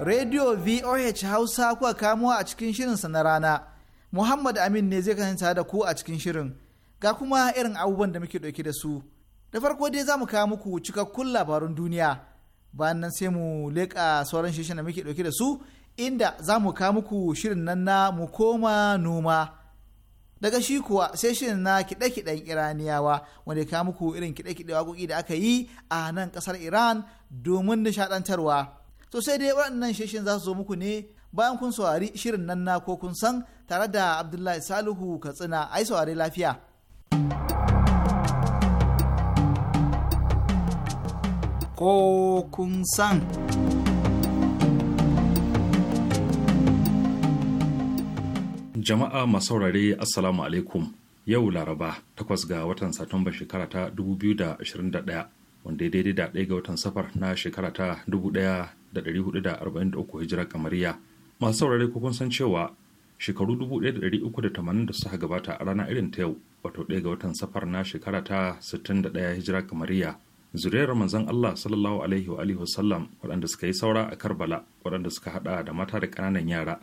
Radio VOH Hausa kuka kamuwa a cikin shirinsa na rana. Muhammad Amin ne zai kasance da ku a cikin shirin. Ga kuma irin abubuwan da muke ɗauke da su. Da farko dai za mu kawo muku cikakkun labarun duniya. Bayan nan sai mu leƙa sauran shirin da muke ɗauke da su inda za mu kawo muku shirin nan na mu koma noma. Daga shi kuwa sai shirin na kiɗe-kiɗen Iraniyawa wanda ya kawo muku irin kiɗe-kiɗe waƙoƙi da aka yi a nan ƙasar Iran domin nishaɗantarwa. to sai dai waɗannan shishin za su zo muku ne bayan kun saurari shirin nan na ko kun san tare da abdullahi salihu katsina ai saurari lafiya ko kun san jama'a masaurare assalamu alaikum yau laraba 8 ga watan satumba shekara ta 2021 wanda ya daidai da ɗaya ga watan safar na shekara ta 1443 hijira kamariya masu saurare ko kun san cewa shekaru 1380 da suka gabata a rana irin ta yau wato ɗaya ga watan safar na shekara ta 61 hijira kamariya zuriyar manzon Allah sallallahu alaihi wa alihi wasallam waɗanda suka yi saura a Karbala waɗanda suka hada da mata da ƙananan yara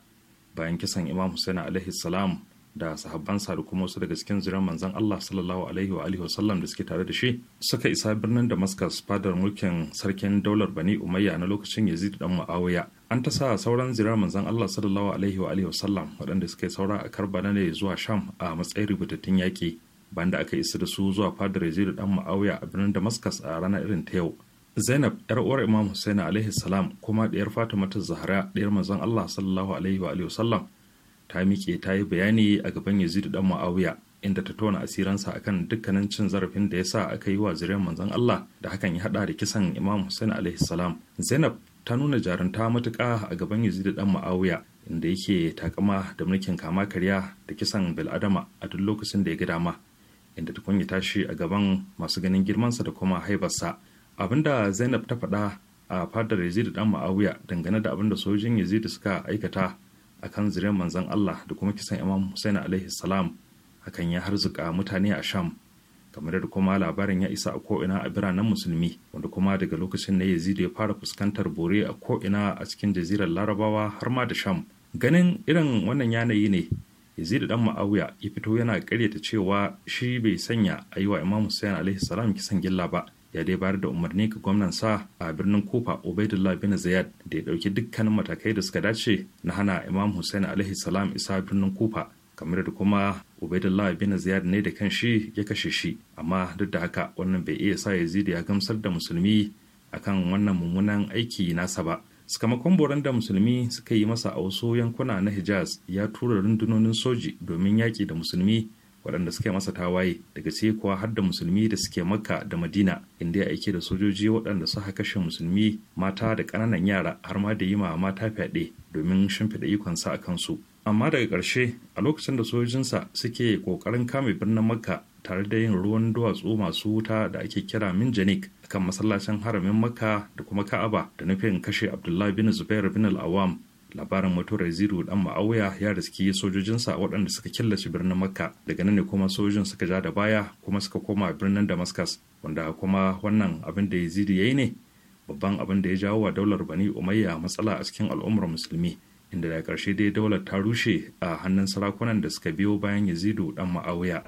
bayan kisan Imam Hussein alaihi salam da sahabbansa da kuma wasu daga cikin ziran manzon Allah sallallahu alaihi wa alihi wasallam da suke tare da shi suka isa birnin Damascus fadar mulkin sarkin daular Bani Umayya na lokacin Yazid dan Muawiya an ta sa sauran ziran manzon Allah sallallahu alaihi wa alihi wasallam waɗanda suke saura a Karbala ne zuwa Sham a matsayin rubutattun yaki banda aka isa da su zuwa fadar Yazid dan Muawiya a birnin Damascus a ranar irin ta yau Zainab yar uwar Imam Hussein alaihi salam kuma diyar Fatima ta Zahra diyar manzon Allah sallallahu alaihi wa alihi wasallam ta miƙe ta yi bayani a gaban yazidu dan muawiya inda ta tona asiransa kan dukkanin cin zarafin da ya sa aka yi wa zuriyar manzon Allah da hakan ya hada da kisan Imam Hussein alaihi salam. Zainab ta nuna jarunta matuƙa a gaban yazidu dan Muawiya inda yake takama da mulkin kama karya da kisan Adama a duk lokacin da ya ga dama inda ta kunyata tashi a gaban masu ganin girmansa da kuma haibarsa. Abinda Zainab ta faɗa a fadar yazidu dan Muawiya dangane da abinda sojojin yazidu suka aikata akan zuriyar manzon Allah da kuma kisan Imam Hussein alaihi salam hakan ya harzuka mutane a Sham kamar da kuma labarin ya isa a ko'ina a biranen musulmi wanda kuma daga lokacin na Yazid ya fara fuskantar bore a ko'ina a cikin jazirar Larabawa har ma da Sham ganin irin wannan yanayi ne Yazid dan Muawiya ya fito yana karyata cewa shi bai sanya a yi wa Imam Hussein alaihi salam kisan gilla ba ya dai bayar da umarni ga gwamnan sa a birnin kufa ubaidullah bin zayed da ya dauki dukkanin matakai da suka dace na hana imam hussein alaihi salam isa birnin kufa kamar da kuma ubaidullah bin ziyad ne da kan shi ya kashe shi amma duk da haka wannan bai iya sa yazidi ya gamsar da musulmi akan wannan mummunan aiki nasa ba sakamakon boran da musulmi suka yi masa a wasu yankuna na hijaz ya tura rundunonin soji domin yaƙi da musulmi waɗanda suka masa tawaye daga cikin kuwa har da musulmi da suke makka da madina inda ya aike da sojoji waɗanda suka kashe musulmi mata da ƙananan yara har ma da yi ma mata fyaɗe domin shimfiɗa ikonsa a kansu amma daga ƙarshe a lokacin da sojojinsa suke ƙoƙarin kame birnin makka tare da yin ruwan duwatsu masu wuta da ake kira minjanik kan masallacin haramin makka da kuma ka'aba da nufin kashe abdullahi bin zubair bin al'awam labarin mutum raziru dan ma'auya ya riski sojojinsa waɗanda suka killace birnin makka daga nan ne kuma sojojin suka ja da baya kuma suka koma birnin damascus wanda kuma wannan abin da yazidu ya yi ne babban abin da ya jawo wa daular bani umayya matsala a cikin al'ummar musulmi inda da karshe dai daular ta rushe a hannun sarakunan da suka biyo bayan yazidu dan ma'auya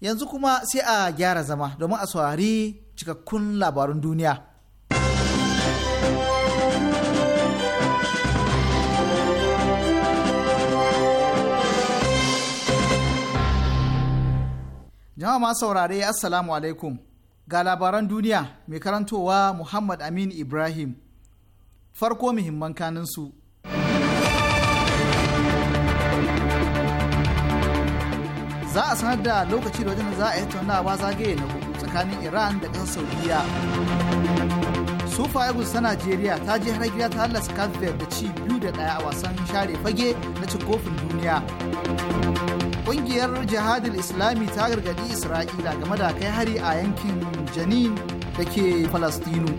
yanzu kuma sai a gyara zama domin a saurari cikakkun labarun duniya. Jama'a ma saurare Assalamu alaikum ga labaran duniya mai karantowa Muhammad Amin Ibrahim farko muhimman kaninsu. za a sanar da lokaci da wajen za a yi tattaunawa zagaye na hudu tsakanin iran da ƙasar saudiya sufa eagles ta najeriya ta je har gida ta halasta kafin da ci biyu da ɗaya a wasan share fage na cin kofin duniya ƙungiyar jihadin islami ta gargaɗi isra'ila game da kai hari a yankin janin da ke falastinu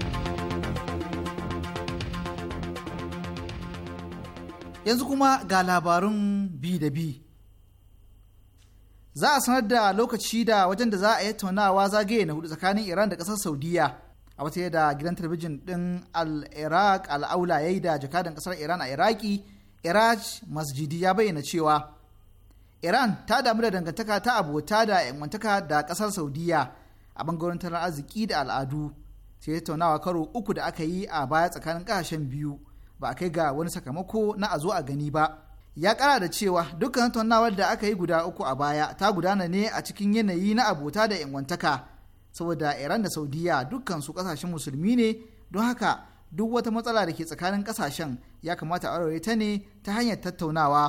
yanzu kuma ga labarun bi da bi za a sanar da lokaci da wajen da za a yi tattaunawa zagaye na hudu tsakanin iran da kasar saudiya a wata da gidan talabijin din al-iraq al'aula ya yi da jakadan kasar iran a iraki iraj masjidi ya bayyana cewa iran ta damu da dangantaka ta abota da 'yanwantaka da kasar saudiya a bangaren tattalin arziki da al'adu sai taunawa karo uku da aka yi a baya tsakanin kasashen biyu ba a kai ga wani sakamako na a zo a gani ba ya kara da cewa dukkan tattaunawar da aka yi guda uku a baya ta gudana ne a cikin yanayi na abota da ingantaka saboda iran da saudiya dukkan su kasashen musulmi ne don haka duk wata matsala da ke tsakanin kasashen ya kamata a ta ne ta hanyar tattaunawa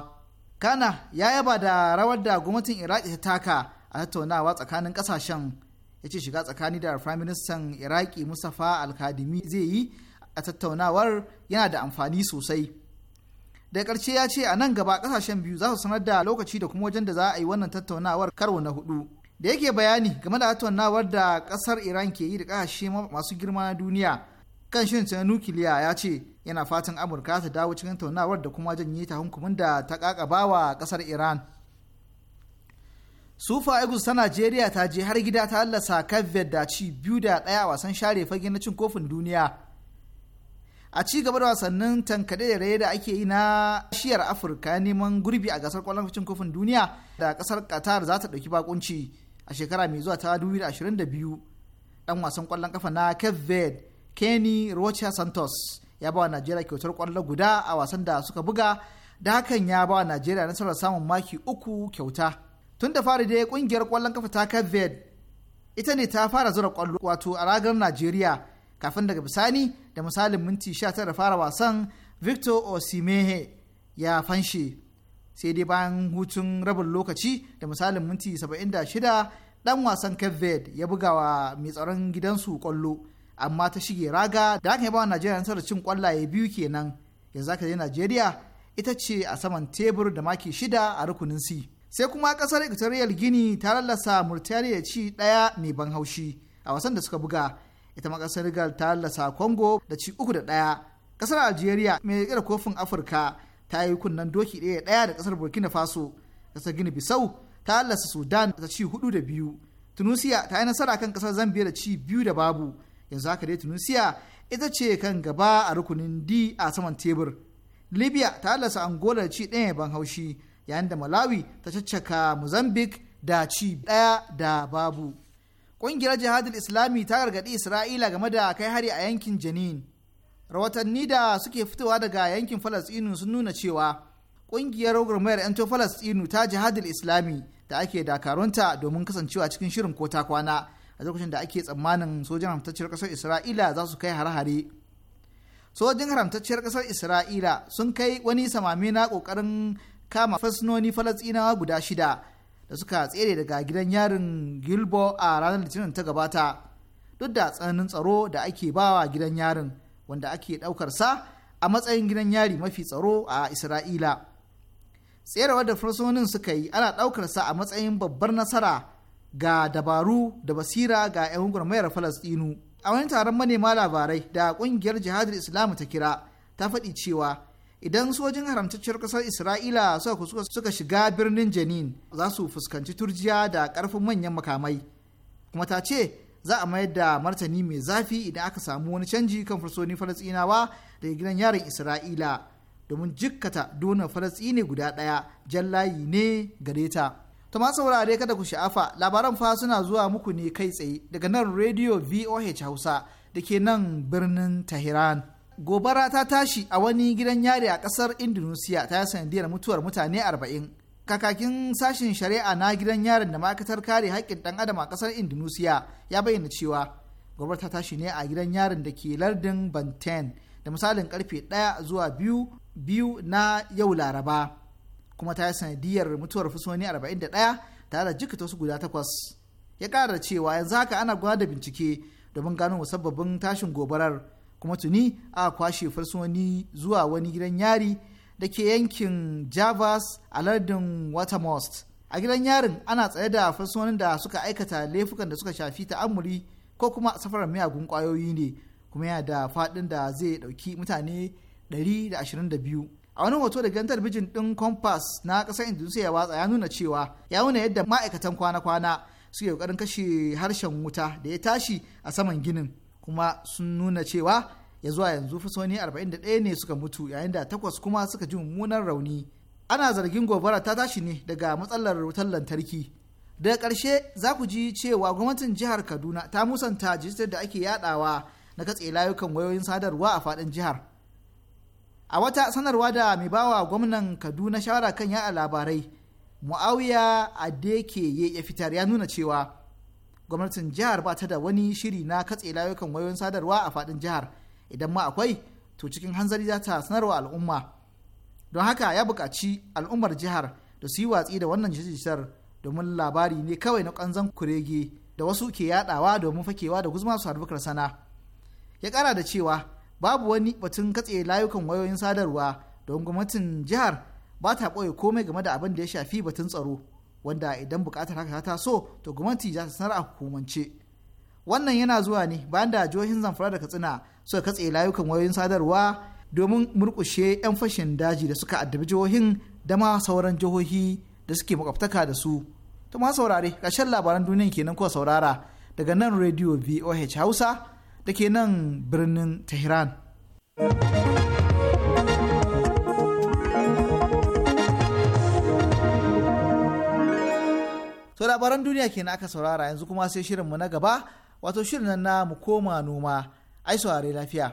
kana ya yaba da rawar da gwamnatin iraki ta taka a tattaunawa tsakanin kasashen ya ce shiga tsakani da prime ministan iraki mustapha alkadimi zai yi a tattaunawar yana da amfani sosai da ƙarshe ya ce a nan gaba kasashen biyu za su sanar da lokaci da kuma wajen da za a yi wannan tattaunawar karo na hudu da yake bayani game da tattaunawar da kasar iran ke yi da kasashe masu girma na duniya kan shirin ta nukiliya ya ce yana fatan amurka ta dawo cikin tattaunawar da kuma janye ta hunkumin da ta bawa kasar iran sufa egus ta najeriya ta je har gida ta lallasa kaviyar da ci biyu da ɗaya wasan share fage na cin kofin duniya a ci gaba da wasannin tankade da raye da ake yi na shiyar afirka neman gurbi a gasar kwallon kofin duniya da kasar qatar za ta ɗauki bakunci a shekara mai zuwa ta 2022 dan wasan kwallon kafa na cape verde kenny rocha santos ya ba wa najeriya kyautar kwallo guda a wasan da suka buga da hakan ya ba wa najeriya nasarar samun maki uku kyauta tun da fari dai kungiyar kwallon kafa ta cape verde ita ne ta fara zura kwallo wato a ragar najeriya kafin daga bisani da misalin minti 19 fara wasan victor osimehe ya fanshe sai dai bayan hutun rabin lokaci da misalin minti 76 dan wasan kevved ya buga wa mai tsaron gidansu kwallo amma ta shige raga da aka yi bawa najeriya nasarar cin kwallaye biyu kenan yanzu aka je najeriya ita ce a saman tebur da maki shida a rukunin si. sai kuma kasar equatorial gini ta lallasa murtariya ci daya mai ban haushi a wasan da suka buga ita ma kasar Senegal ta lasa congo da ci uku da ɗaya kasar algeria mai riƙe da kofin afirka ta yi kunnen doki ɗaya ɗaya da kasar burkina faso kasar gini bisau ta lasa sudan da ci hudu da biyu tunisia ta yi nasara kan kasar zambia da ci biyu da babu yanzu haka dai tunisia ita ce kan gaba a rukunin d a saman tebur libya ta lasa angola da ci ɗaya ban haushi yayin da malawi ta caccaka mozambique da ci ɗaya da babu Ƙungiyar jihadin Islami ta gargaɗi Isra'ila game da kai hari a yankin Janin. Rawatanni da suke fitowa daga yankin Falasɗinu sun nuna cewa ƙungiyar gurmayar 'yanto Falasɗinu ta jihadin Islami da ake dakarunta domin kasancewa cikin shirin ko ta kwana a lokacin da ake tsammanin sojan haramtacciyar ƙasar Isra'ila za su kai hare-hare. Sojin haramtacciyar ƙasar Isra'ila sun kai wani samami na ƙoƙarin kama fasinoni Falasɗinawa guda shida da suka tsere daga gidan yarin gilbo a ranar litinin ta gabata duk da tsananin tsaro da ake bawa gidan yarin wanda ake ɗaukar sa a matsayin gidan yari mafi tsaro a isra'ila tserewar da fursunonin suka yi ana ɗaukar sa a matsayin babbar nasara ga dabaru da basira ga 'yan mayar falastinu a wani taron manema labarai da ƙungiyar jihadar islamu ta kira ta faɗi cewa idan sojin haramtacciyar kasar isra'ila suka suka shiga birnin janin za su fuskanci turjiya da karfin manyan makamai kuma ta ce za a mayar da martani mai zafi idan aka samu wani canji kan fursoni falasɗinawa daga gidan yarin isra'ila domin jikkata donar falasɗini guda ɗaya layi ne gare ta to ma saurare kada ku sha'afa labaran fa suna zuwa muku ne kai tsaye daga nan rediyo voh hausa da ke nan birnin tehran gobara ta tashi a wani gidan yari a kasar indonesia ta sanadiyar mutuwar mutane arba'in kakakin sashen shari'a na gidan yarin da ma'aikatar kare haƙƙin ɗan adam a kasar indonesia ya bayyana cewa gobara ta tashi ne a gidan yarin da ke lardin banten da misalin karfe 1 zuwa 2 na yau laraba kuma ta yi sanadiyar mutuwar fusoni 41 tare da jikita wasu guda takwas ya ƙara cewa yanzu haka ana gwada bincike domin gano musabbabin tashin gobarar kuma tuni a kwashe farsoni zuwa wani gidan yari da ke yankin javas a lardin watermost a gidan yarin ana tsaye da fursunonin da suka aikata laifukan da suka shafi ta'amuri ko kuma safarar miyagun kwayoyi ne kuma yana da fadin da zai dauki mutane 122 a wani hoto da gidan talabijin ɗin compass na kasar indonesia ya watsa ya nuna cewa ya nuna yadda ma'aikatan kwana-kwana suke ƙoƙarin kashe harshen wuta da ya tashi a saman ginin kuma sun nuna cewa ya zuwa yanzu fusoni 41 ne suka mutu yayin da takwas kuma suka ji mummunan rauni ana zargin gobara ta tashi ne daga matsalar wutar lantarki daga ƙarshe za ku ji cewa gwamnatin jihar kaduna ta musanta jistar da ake yadawa na katse layukan wayoyin sadarwa a faɗin jihar a wata sanarwa da mai bawa gwamnan kaduna shawara kan yada labarai muawiya adeke ya fitar ya nuna cewa gwamnatin jihar ba ta da wani shiri na katse layukan wayoyin sadarwa a faɗin jihar idan ma akwai to cikin hanzari za ta sanarwa al'umma don haka ya buƙaci al'ummar jihar da su yi watsi da wannan jijjitar domin labari ne kawai na ƙanzan kurege da wasu ke yadawa domin fakewa da guzma su harbukar sana ya kara da cewa babu wani batun katse layukan wayoyin sadarwa don gwamnatin jihar ba ta ɓoye komai game da abin da ya shafi batun tsaro wanda idan bukatar haka ta taso to gwamnati za ta sanar a hukumance wannan yana zuwa ne bayan da jihohin zamfara da katsina suka katse layukan wayoyin sadarwa domin murkushe 'yan fashin daji da suka addabi jihohin da ma sauran jihohi da suke makwabtaka da su to ma saurare ƙarshen labaran duniyan kenan ko saurara daga nan radio voh hausa da ke nan birnin tehran. thank you to labaran duniya ke aka saurara yanzu kuma sai shirinmu na gaba wato shirin nan na mu koma noma ai saurare lafiya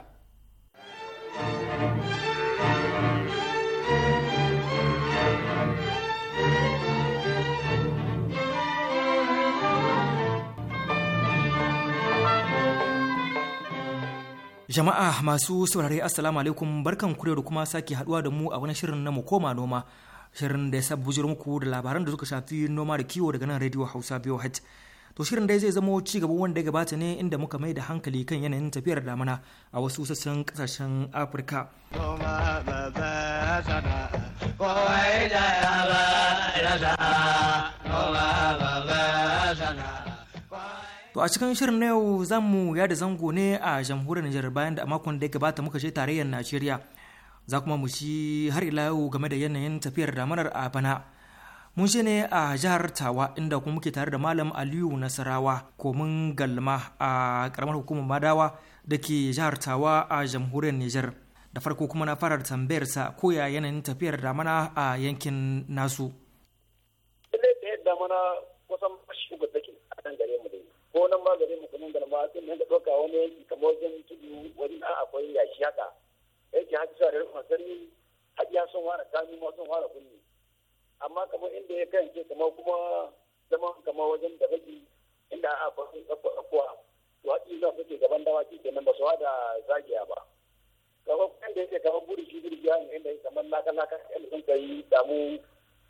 Jama'a masu saurare Assalamu alaikum barkan kure da kuma sake haduwa da mu a wani shirin na mu koma noma shirin da ya sa bujir muku da labaran da suka shafi noma da kiwo daga nan radio hausa biyu hajj to shirin dai zai zama ci gaba wanda ya gabata ne inda muka mai da hankali kan yanayin tafiyar damana a wasu sassan kasashen afirka To a cikin shirin na yau zamu yada zango ne a jamhuriyar Nijar bayan da a makon da ya gabata muka je tarayyar Najeriya za kuma mu shi har ila yau game da yanayin tafiyar damanar a bana mun shi ne a jihar tawa inda kuma muke tare da malam aliyu nasarawa komin galma a karamar hukumar madawa da ke jihar tawa a jamhuriyar niger da farko kuma na farar tambayar sa koya yanayin tafiyar damana a yankin nasu damana kusan bashi ga take a kan gare mu ko nan ma gare mu kunan galma sun da ɗauka wani yanki kamar wajen tudu na akwai yashi haka yake hadisa da rufin sarki ya sun wara kami ma sun wara kunni amma kamar inda ya ke kamar kuma zaman kamar wajen da haji inda a kwasin tsakuwa to haɗi zuwa suke gaban dawaki nan ba su wada zagiya ba kamar kan da yake kamar guri shi guri ya ne inda kamar laka laka yadda sun kai damu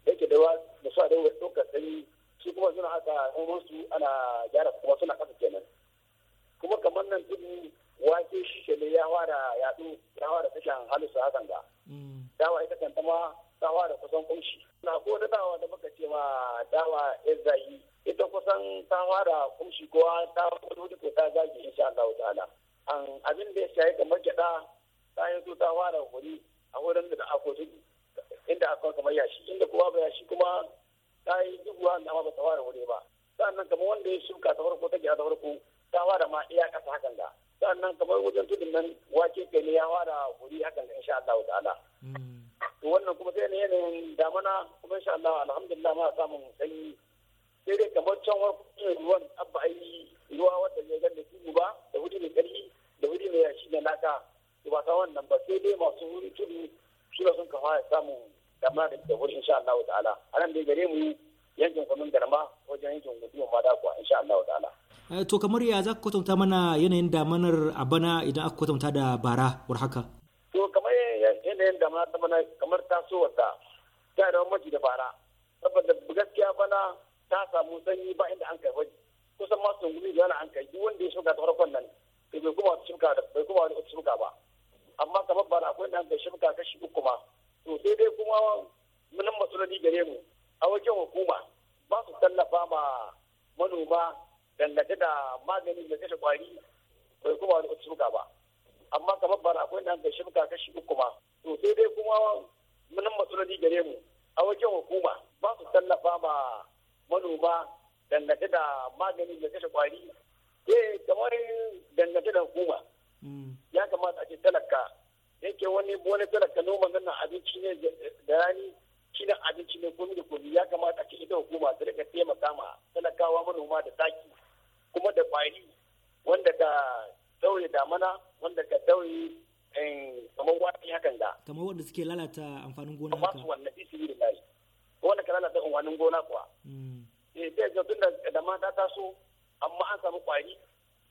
yake da wa da su a dawo ɗaukar sanyi su kuma suna haka su ana gyara kuma suna kasa kenan kuma kamar nan tudu wake shi ke ya fara yaɗu ya fara tashan halitta hakan ga mm. dawa ita kan tama dawa da kusan kunshi na ko da dawa da muka ce ma dawa zayi ita kusan ta fara kunshi ko ta wani ko ta zagi insha Allah ta'ala an abin da ya shayi kamar gyaɗa ta yi ta fara wuri a wurin da ako tudu inda akwai kamar yashi inda kuma ba yashi kuma ta yi duk da amma ba ta fara wuri ba sannan kamar wanda ya shuka ta farko ta gyaɗa ta farko Allah alhamdulillah ma samun sanyi sai dai kamar can wani ruwan abba ai ruwa wanda ya ganda tudu ba da wuri mai karfi da wuri mai yashi na laka to ba ta wannan ba sai dai masu wuri tudu su da sun kafa samun damar da wuri insha Allah ta'ala anan dai gare mu yankin kunun garma wajen yankin gudu ma da kuwa insha Allah ta'ala eh, to kamar ya za ka kwatanta mana yanayin damanar a bana idan aka kwatanta da bara war haka hukuma ba su tallafa ma manoma dangane da maganin da kashe kwari bai kuma wani shimka ba amma kamar bara akwai nan da shirka kashi uku ma to sai dai kuma munin matsaloli gare mu a wajen hukuma ba su tallafa ma manoma dangane da maganin da kashe kwari eh kamar dangane da hukuma mm. ya kamata a ce talaka yake wani wani talaka noman nan abinci ne da rani shirin abinci ne komi da komi ya kamata ce ita hukuma ta rika taimaka ma talakawa manoma da taki kuma da kwari wanda ka daure damana wanda ka daure eh, kamar wani hakan da kamar wanda suke lalata amfanin gona haka kamar wanda fi da layi wanda ka lalata amfanin gona kuwa mm. eh sai ga tun da mata ta so amma an samu kwari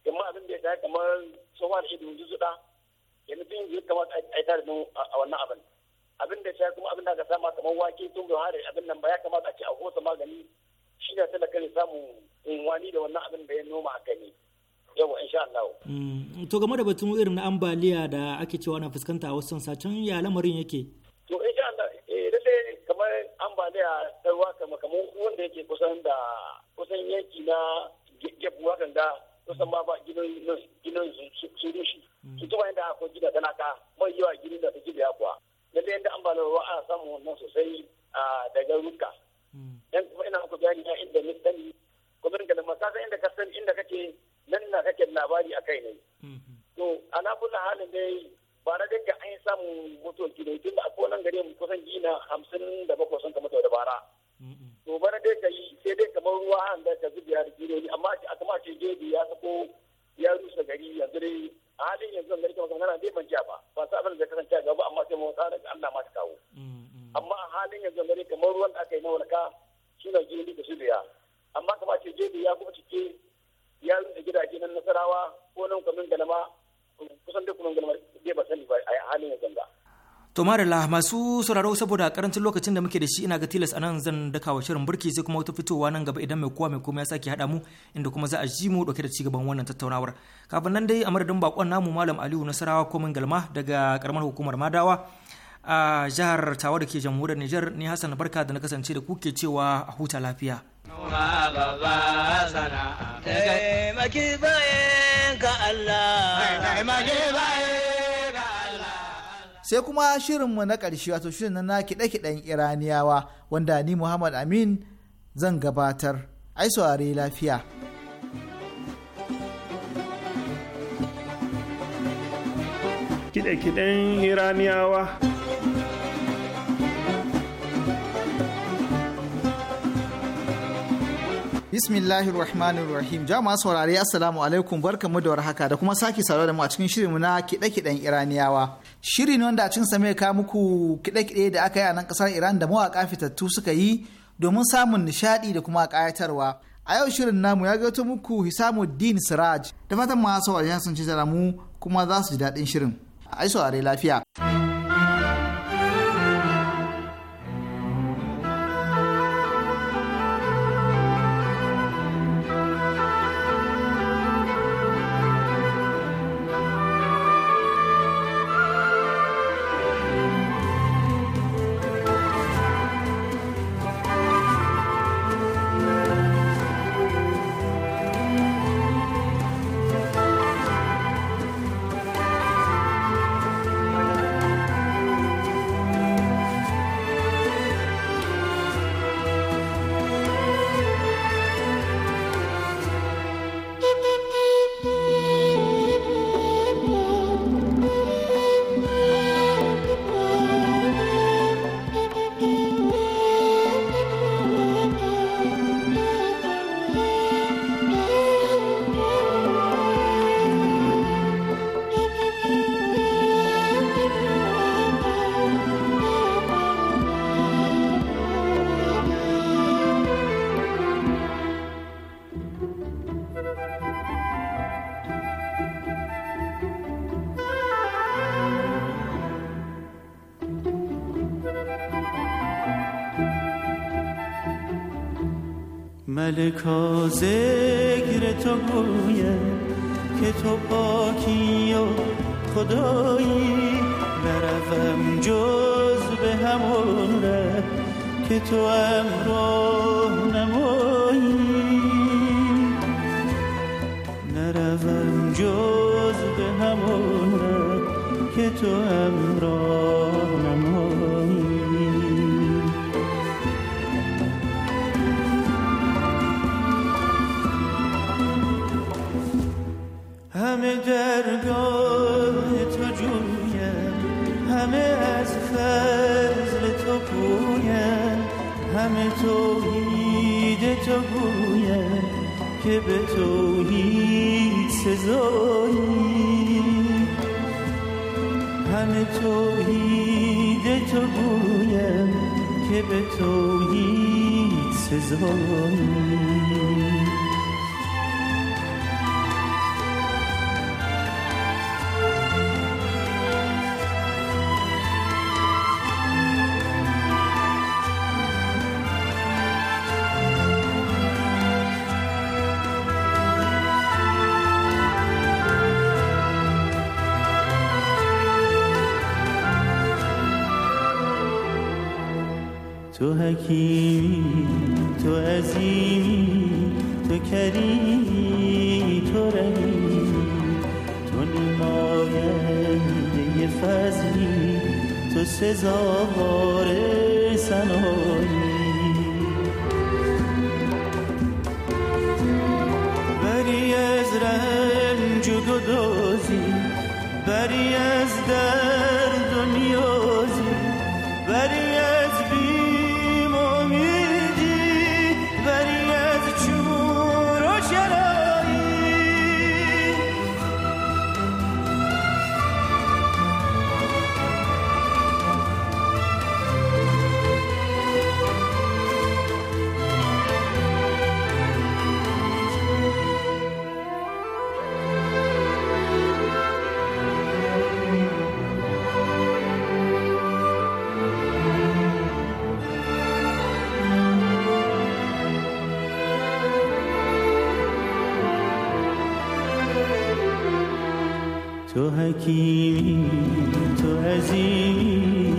amma abin da ya kamar tsohuwa da shi da yanzu zuɗa yanzu tun kamar a yi tare da wannan abin abin da sha kuma abin da aka sama kamar wake tun da hari abin nan ba ya kamata a ce a hosa magani shi ne sai da kai samu unwani da wannan abin da ya noma a gani yawa insha Allah mm, to game da batun irin na ambaliya da ake cewa na fuskanta a wasu sacen ya lamarin yake to insha Allah eh lalle kamar ambaliya ta ruwa kamar wanda yake kusan da kusan yanki na gebuwa ganga kusan ba ba gidan su rushe mm. su ba inda akwai gida talaka mai yawa gidan da ta gida kuwa lalle yadda ambaliyar ruwa ana samun wannan sosai a daga ruka hmm. dan kuma ina muku bayani na inda ni sani kuma daga masasa inda ka san inda kake nan na kake labari a kai ne hmm, hmm. to ana kula halin dai ba na dinka an yi samun mutuwar gida tun da akwai nan gare mu kusan gina hamsin da bakwai sun kama da bara to bana dai ka yi sai dai kamar ruwa an da ka zubiya da gidoni amma a kama ce gebe ya sako ya rusa gari yanzu dai a halin yanzu zan garke magana dai ban ja ba ba sa abin da zai kasance gaba amma sai mun tsara ga Allah ma ta kawo mm, mm. amma a halin yanzu zan garke kamar ruwan da aka yi na walka shi ne jini da ya amma kama ce jebi ya kuma cike ya rufe gidaje na nasarawa ko nan kamin galama kusan duk kuma galama dai ba sani ba a halin yanzu ba To lahama masu sauraro saboda karancin lokacin da muke da shi ina ga tilas anan zan daka wa shirin burki sai kuma wata fitowa nan gaba idan mai kowa mai komai ya sake haɗa mu inda kuma za a ji mu dauke da cigaban wannan tattaunawar. Kafin nan dai a madadin bakon namu Malam Aliyu Nasarawa ko min Galma daga karamar hukumar Madawa a jihar Tawa da ke jamhuriyar Nijar ni Hassan Barka da na kasance da kuke cewa a huta lafiya. Noma babba ka Allah. bayan sai kuma shirinmu na ƙarshe wato shirin na kiɗe-kiɗen iraniyawa wanda ni muhammad amin zan gabatar ai saurari lafiya kiɗe-kiɗen iraniyawa Bismillahir Rahmanir Rahim. Jama'a saurari Assalamu alaikum barkamu da warhaka da kuma sake saurare da mu a cikin shirinmu na kiɗe-kiɗen Iraniyawa. shiri ne wanda a cikin mai ka muku kiɗe-kiɗe da aka yi a nan ƙasar iran da mawaƙa fitattu suka yi domin samun nishaɗi da kuma ƙayatarwa a yau shirin namu ya gato muku hisamuddin siraj da fatan masu wajen sun ci mu kuma za su ji daɗin shirin a yi saurare lafiya. ملکا ذکر تو گویم که تو پاکی و خدایی نروم جز به همون ره که تو امرو نمایی نروم جز به همون ره که تو امرو درگاه تو جویم همه از فضل تو پویم همه توحید تو گویم که به توحید سزایی همه توحید تو گویم که به توحید سزایی حکیمی تو عظیمی تو کریمی تو رحیمی تو نماینده فضلی تو سزاوار سنایی بری از رنج و بری از درد تو عزیمی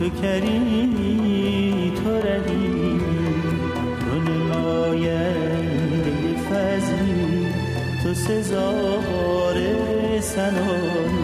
تو کریمی تو تو نماینده فضلی تو سزاوار سنایی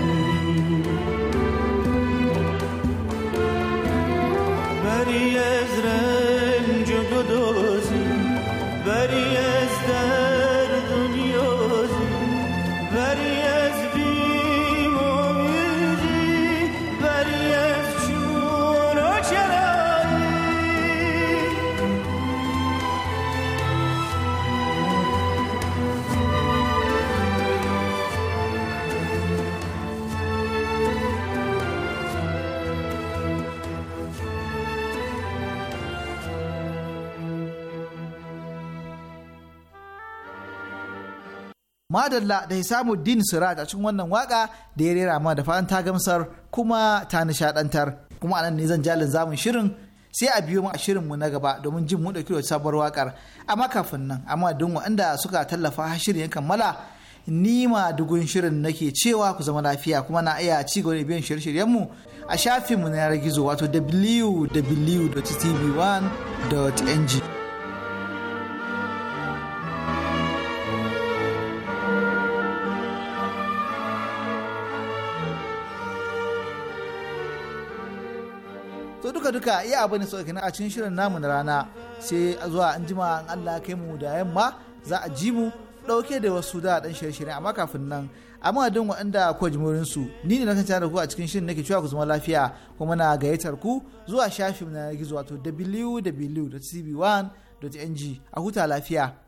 madalla da hisamu din siraj a cikin wannan waka da ya rera ma da fatan ta gamsar kuma ta nishadantar kuma anan ne zan jalin zamun shirin sai a biyo mu a shirin mu na gaba domin jin mu dauki da sabuwar wakar amma kafin nan amma don waɗanda suka tallafa shirin ya kammala ni ma dugun shirin nake cewa ku zama lafiya kuma na iya ci gaba da biyan shirye-shiryen mu a shafin mu na gizo wato www.tv1.ng haka iya abin da suka a cikin shirin namu na rana sai zuwa an jima an Allah kai mu da yamma za a ji mu dauke da wasu da dan shirye-shirye amma kafin nan amma don waɗanda ko su ni ne na kan da ku a cikin shirin nake cewa ku zama lafiya kuma na gayyatar ku zuwa shafin na gizo wato wwwtv 1ng a huta lafiya.